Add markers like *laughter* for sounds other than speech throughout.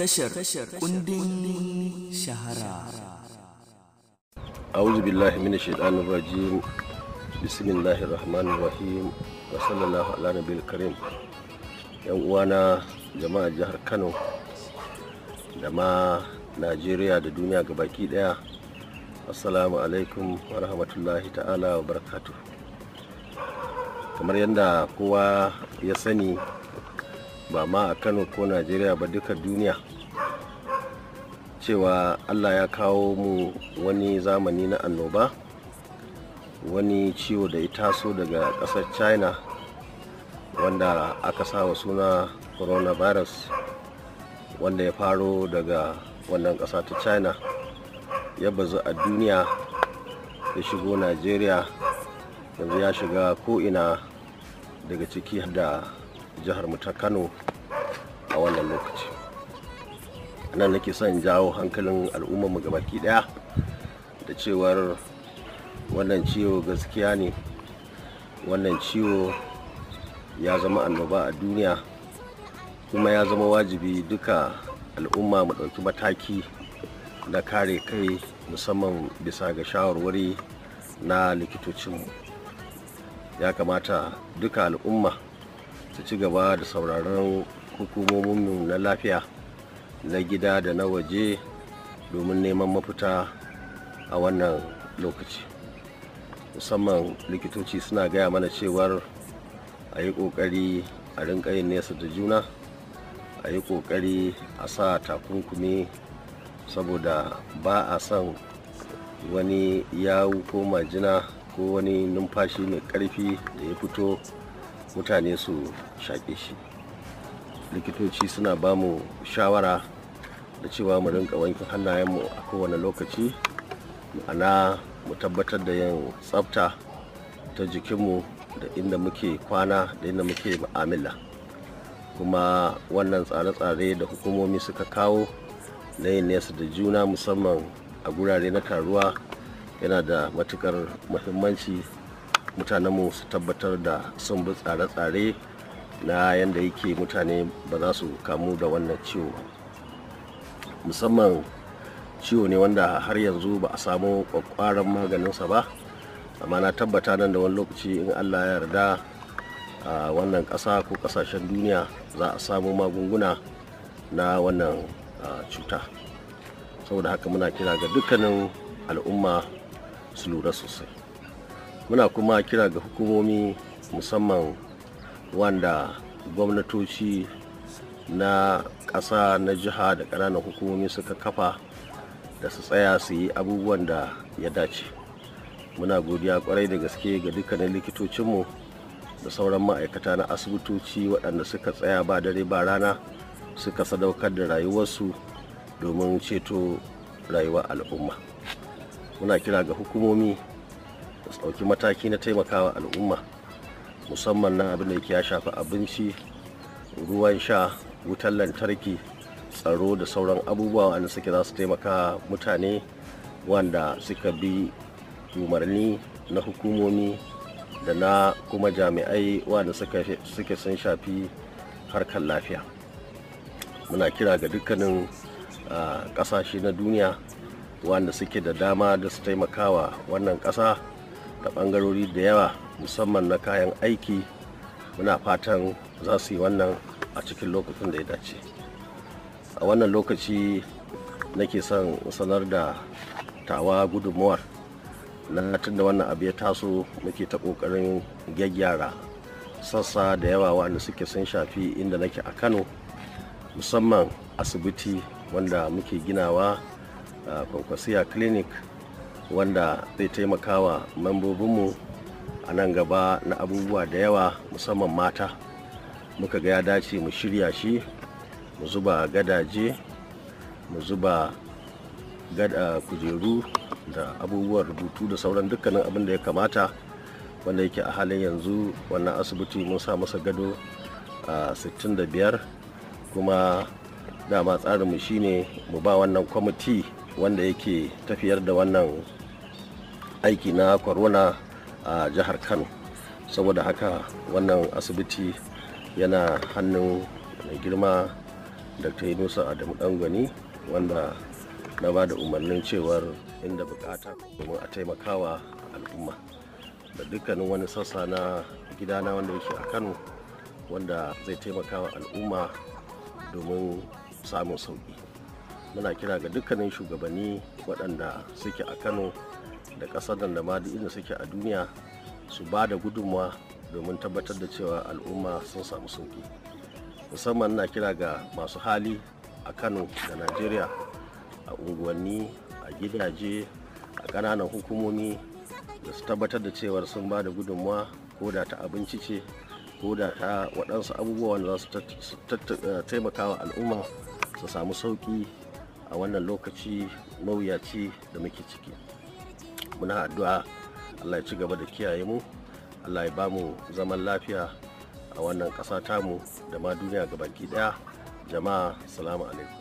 tashar kundin shahara a'udhu billahi minash shaitanir rajim bismillahir rahmanir rahim wa sallallahu ala yan uwana jama'a jihar Kano da ma Najeriya da duniya ga baki ɗaya. assalamu alaikum wa rahmatullahi ta'ala wa barakatuh kamar yadda kowa ya sani ba ma a kano ko najeriya ba duka duniya cewa allah ya kawo mu wani zamani na annoba wani ciwo da ya taso daga ƙasar china wanda aka sawa suna coronavirus wanda ya faro daga wannan ƙasa ta china ya bazu a duniya ya shigo najeriya yanzu ya shiga ko'ina daga ciki da jihar mu ta kano a wannan lokaci nan nake son jawo hankalin al'ummar mu al'ummarmu baki daya da cewar wannan ciwo gaskiya ne wannan ciwo ya zama annoba a duniya kuma ya zama wajibi duka al'umma mu ɗauki mataki na kare kai musamman bisa ga shawarwari na likitocinmu ya kamata duka al'umma su ci gaba da sauraron hukumominmu na lafiya na gida da na waje domin neman mafita a wannan lokaci musamman likitoci suna gaya mana cewar a yi ƙoƙari a rinka yin nesa da juna a yi ƙoƙari a sa takunkumi saboda ba a son wani yawu ko majina ko wani numfashi mai ƙarfi da ya fito mutane su shaƙe shi likitoci suna ba mu shawara da cewa mu rinka wanke hannayenmu a kowane lokaci ma'ana mu tabbatar da yin tsafta ta jikinmu da inda muke kwana da inda muke ma'amila. kuma wannan tsare-tsare da hukumomi suka kawo na yin nesa da juna musamman a gurare na taruwa yana da matukar muhimmanci mutanenmu su tabbatar da sun bi tsare-tsare na yadda yake mutane ba za su kamu da wannan ciwo ba musamman ciwo ne wanda har yanzu ba a samu kwakwaran maganinsa ba amma na tabbata nan da wani lokaci in allah ya yarda a wannan ƙasa ko ƙasashen duniya za a samu magunguna na wannan cuta saboda haka muna kira ga dukkanin al'umma su lura sosai muna kuma kira ga hukumomi musamman wanda gwamnatoci na ƙasa na jiha da ƙananan hukumomi suka kafa da su tsaya su yi abubuwan da ya dace muna godiya kwarai da gaske ga dukkanin likitocinmu da sauran ma'aikata na asibitoci waɗanda suka tsaya ba dare ba rana suka sadaukar da rayuwarsu domin ceto rayuwar al'umma muna kira ga hukumomi ta ɗauki mataki na taimakawa al'umma musamman na abin da ya shafi abinci ruwan sha wutar lantarki tsaro da sauran abubuwa wanda suke za su taimaka mutane wanda suka bi umarni na hukumomi da na kuma jami'ai wanda suke sun shafi harkar lafiya muna kira ga dukkanin kasashe na duniya wanda suke da dama da su taimakawa wannan ƙasa. da bangarori da yawa musamman na kayan aiki muna fatan za su yi wannan a cikin lokacin da ya dace a wannan lokaci nake son sanar da tawa gudunmawar na tun da wannan abu ya taso muke ta kokarin gyaggyara sassa da yawa wanda suke sun shafi inda nake a kano musamman asibiti wanda muke ginawa a kwankwasiya clinic wanda zai taimaka wa membobinmu a nan gaba na abubuwa da yawa musamman mata muka ga ya dace mu shirya shi mu zuba gadaje mu zuba gada ah, kujeru da abubuwan rubutu da sauran dukkanin abin da ya kamata wanda yake a halin yanzu wannan asibiti mun sa masa gado ah, a 65 kuma dama tsarinmu shine mu ba wannan kwamiti wanda yake tafiyar da wannan aiki na corona a jihar kano saboda haka wannan asibiti yana hannun mai girma dr yunusa adamu dangwani wanda na ba da umarnin cewar inda bukata domin a taimakawa al'umma da dukkanin wani sassa na gidana wanda yake a kano wanda zai taimakawa al'umma domin samun sauki muna kira ga dukkanin shugabanni waɗanda suke a kano da ƙasar nan da ma duk inda suke a duniya su ba da gudunmawa domin tabbatar da cewa al'umma sun samu sauki musamman na kira ga masu hali a kano da najeriya a unguwanni a gidaje a ƙananan hukumomi da su tabbatar da cewar sun ba da gudunmawa ko da ta abinci ce ko da ta waɗansu abubuwan za su eh, taimaka wa al'umma su samu sauƙi a wannan lokaci mawuyaci da muke ciki. muna addu'a allah ya ci gaba da kiyaye mu allah ya bamu zaman lafiya a wannan ƙasa tamu da ma duniya gabaki ɗaya jama'a salamu alaikum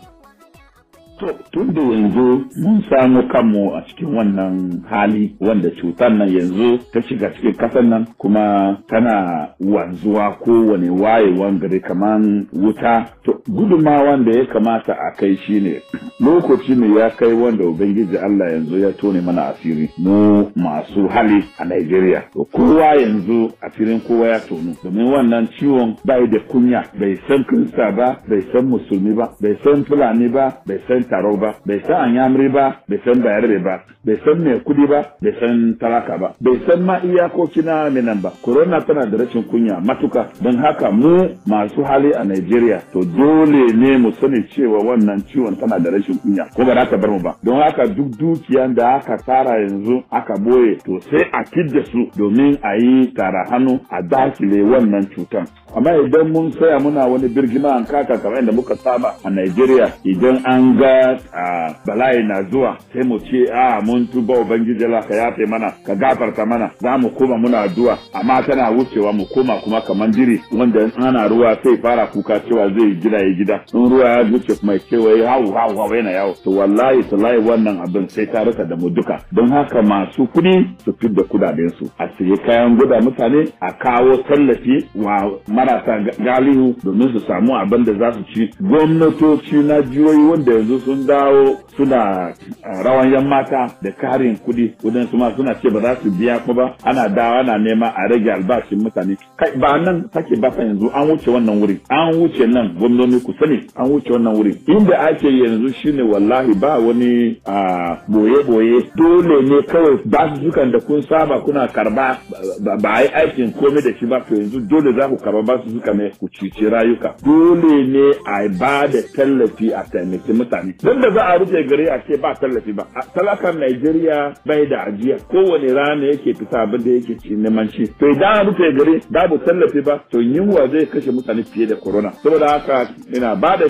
To, tun da yanzu mun samu kanmu a cikin wannan hali wanda cutar nan yanzu ta shiga cikin kasar nan kuma tana wanzuwa kowane wayewan gari kaman wuta. To, guduma da ya kamata a kai shi ne, *clears throat* lokaci ne ya kai wanda Ubangiji Allah yanzu ya tone mana asiri mu masu hali a Najeriya. To, kowa yanzu asirin kowa ya tonu, domin wannan ciwon bai da kunya, bai san Kirista ba, bai san Musulmi ba, bai san Fulani ba, bai san taro ba bai san anyamri ba bai san bayarbe ba bai san mai kudi ba bai san talaka ba bai san ma iyakoki na minan ba corona tana da rashin kunya matuka don haka mu masu hali a Najeriya to dole ne mu sani cewa wannan ciwon tana da rashin kunya ko ba za ta bar mu ba don haka duk dukiyan da aka tara yanzu aka boye to sai a kidda su domin a yi tara hannu a dakile wannan cutan amma idan mun saya muna wani birgima an kaka kamar yadda muka saba a Najeriya idan an ga a bala'i na zuwa sai mu ce a mun tuba ubangiji Allah ka yafe mana ka gafarta mana za mu koma muna addu'a amma tana wucewa mu koma kuma kamar diri. wanda in ana ruwa sai fara kuka cewa zai gida ya gida in ruwa ya wuce kuma kewaye hau hau hau yana yawo to wallahi tallahi wannan abin sai ta rika da mu duka don haka masu kuɗi su da kudaden su a sayi kayan guda mutane a kawo tallafi wa marasa galihu domin su samu abin da za su ci gwamnatoci na jiyoyi wanda yanzu su sun dawo suna ah, rawan yan mata da karin kuɗi wadansu ma suna ce ba za su biya ko ba ana dawa ana nema a rage albashin mutane kai ba nan take ba fa yanzu an wuce wannan wuri an wuce nan gwamnati ku sani an wuce wannan wuri inda ake yanzu shine wallahi ba wani ah, boye-boye dole ne kawai ba su dukan da kun saba kuna karba ba ai yi aikin komai da shi ba to yanzu dole za ku karba ba su suka ne ku cici rayuka dole ne a ba da tallafi a taimaki mutane nan da za a rufe gari a ce ba tallafi ba a talakan Najeriya bai da ajiya kowane rana yake fita abin da yake ci neman ci to idan an rufe gari babu tallafi ba to yunwa zai kashe mutane fiye da corona saboda haka ina ba da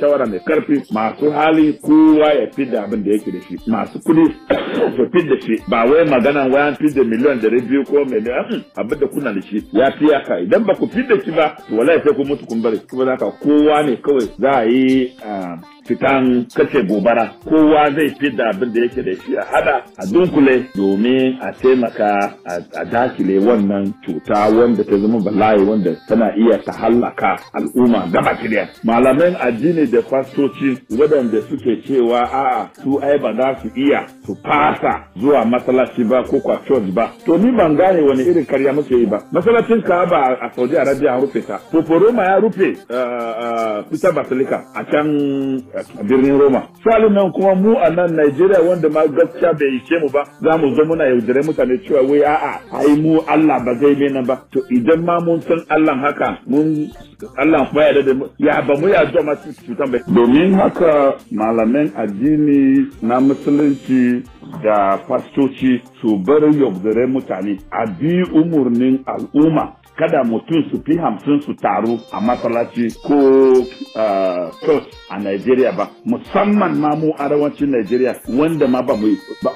shawara mai karfi masu hali kowa ya fi da abin da yake da shi masu kudi *coughs* su fi da shi ba wai magana wayan fi da miliyan da biyu ko miliyan hmm, abin da kuna da shi ya fi yaka idan ba ku fi da shi ba to wallahi sai ku mutu kun bari saboda haka kowa ne kawai za a yi ah, fitan kace gobara kowa zai da abin da yake da shi a hada a dunkule domin a taimaka a dakile wannan cuta wanda ta zama bala'i wanda tana iya ta hallaka al'umma gaba ɗaya malamin addini da fastoci waɗanda suke cewa a'a su ai ba za su iya su fasa zuwa masallaci ba ko kwa church ba to ni ban gane wani irin karya muke yi ba masallacin ba a Saudi Arabia an rufe ta foforoma Roma ya rufe Peter eh, eh, Basilica a can eh, a birnin Roma. Salin nan kuma mu a nan Najeriya wanda ma gaskiya bai ishe mu ba za mu zo muna yaudare mutane cewa wai a'a ai mu Allah ba zai mena ba to idan ma mun san Allah haka mun Allah kuma yarda da ya ba mu ya zo ma cutan bai. Domin haka malamin addini na musulunci da fastoci su bar yaudare mutane a bi umurnin al'umma kada mutum su fi hamsin su taru a masallaci ko eh, church a Najeriya ba musamman ma mu arewacin Najeriya wanda ma ba mu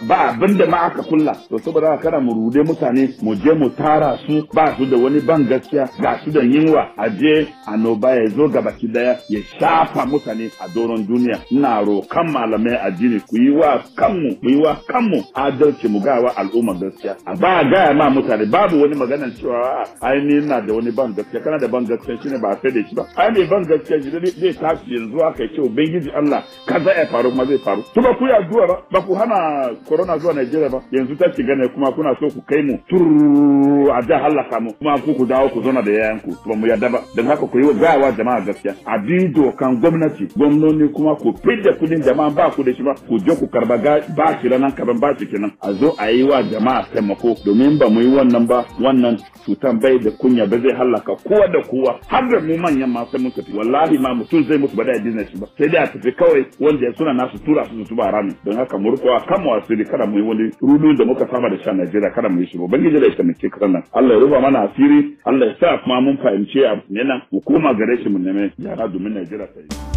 ba abin da ma aka kulla to saboda kada mu rude mutane mu je mu tara su ba su da wani ban gaskiya ga su da yinwa a je annoba ya zo gaba ki daya ya shafa mutane a doron duniya ina rokan malamai addini ku yi wa kanmu ku yi wa kanmu adalci mu gawa al'umma gaskiya ba gaya ma mutane babu wani maganar cewa ai ni na da wani ban gaskiya kana da ban gaskiya shine ba sai da shi ba ai mai ban gaskiya shi zai tashi yanzu aka ce ubangiji Allah kaza ya faru kuma zai faru to ba ku ya zuwa ba ba ku hana corona zuwa Najeriya ba yanzu ta shiga ne kuma kuna so ku kai mu tur a da halaka mu kuma ku ku dawo ku zauna da yayan ku ba mu yarda ba dan haka ku yi wa jama'a gaskiya a bi dokan gwamnati gwamnoni kuma ku fidda kudin jama'a ba ku da shi ba ku je ku karba ba shi ranan karban ba shi kenan a zo a yi wa jama'a taimako domin ba mu yi wannan ba wannan cutan bai da kunya ba zai hallaka kowa da kowa har da mu manyan ma sai mun tafi wallahi ma mutum zai mutu ba da business ba sai dai a tafi kawai wanda ya suna nasu tura su su ba rami don haka mu rufa kan mu asiri kada mu yi wani rudu da muka saba da shi a Najeriya kada mu yi shi ubangiji da ya taimake kasar nan Allah ya ruba mana asiri Allah ya sa kuma mun fahimce a nan mu koma gare shi mu neme yara domin Najeriya ta yi.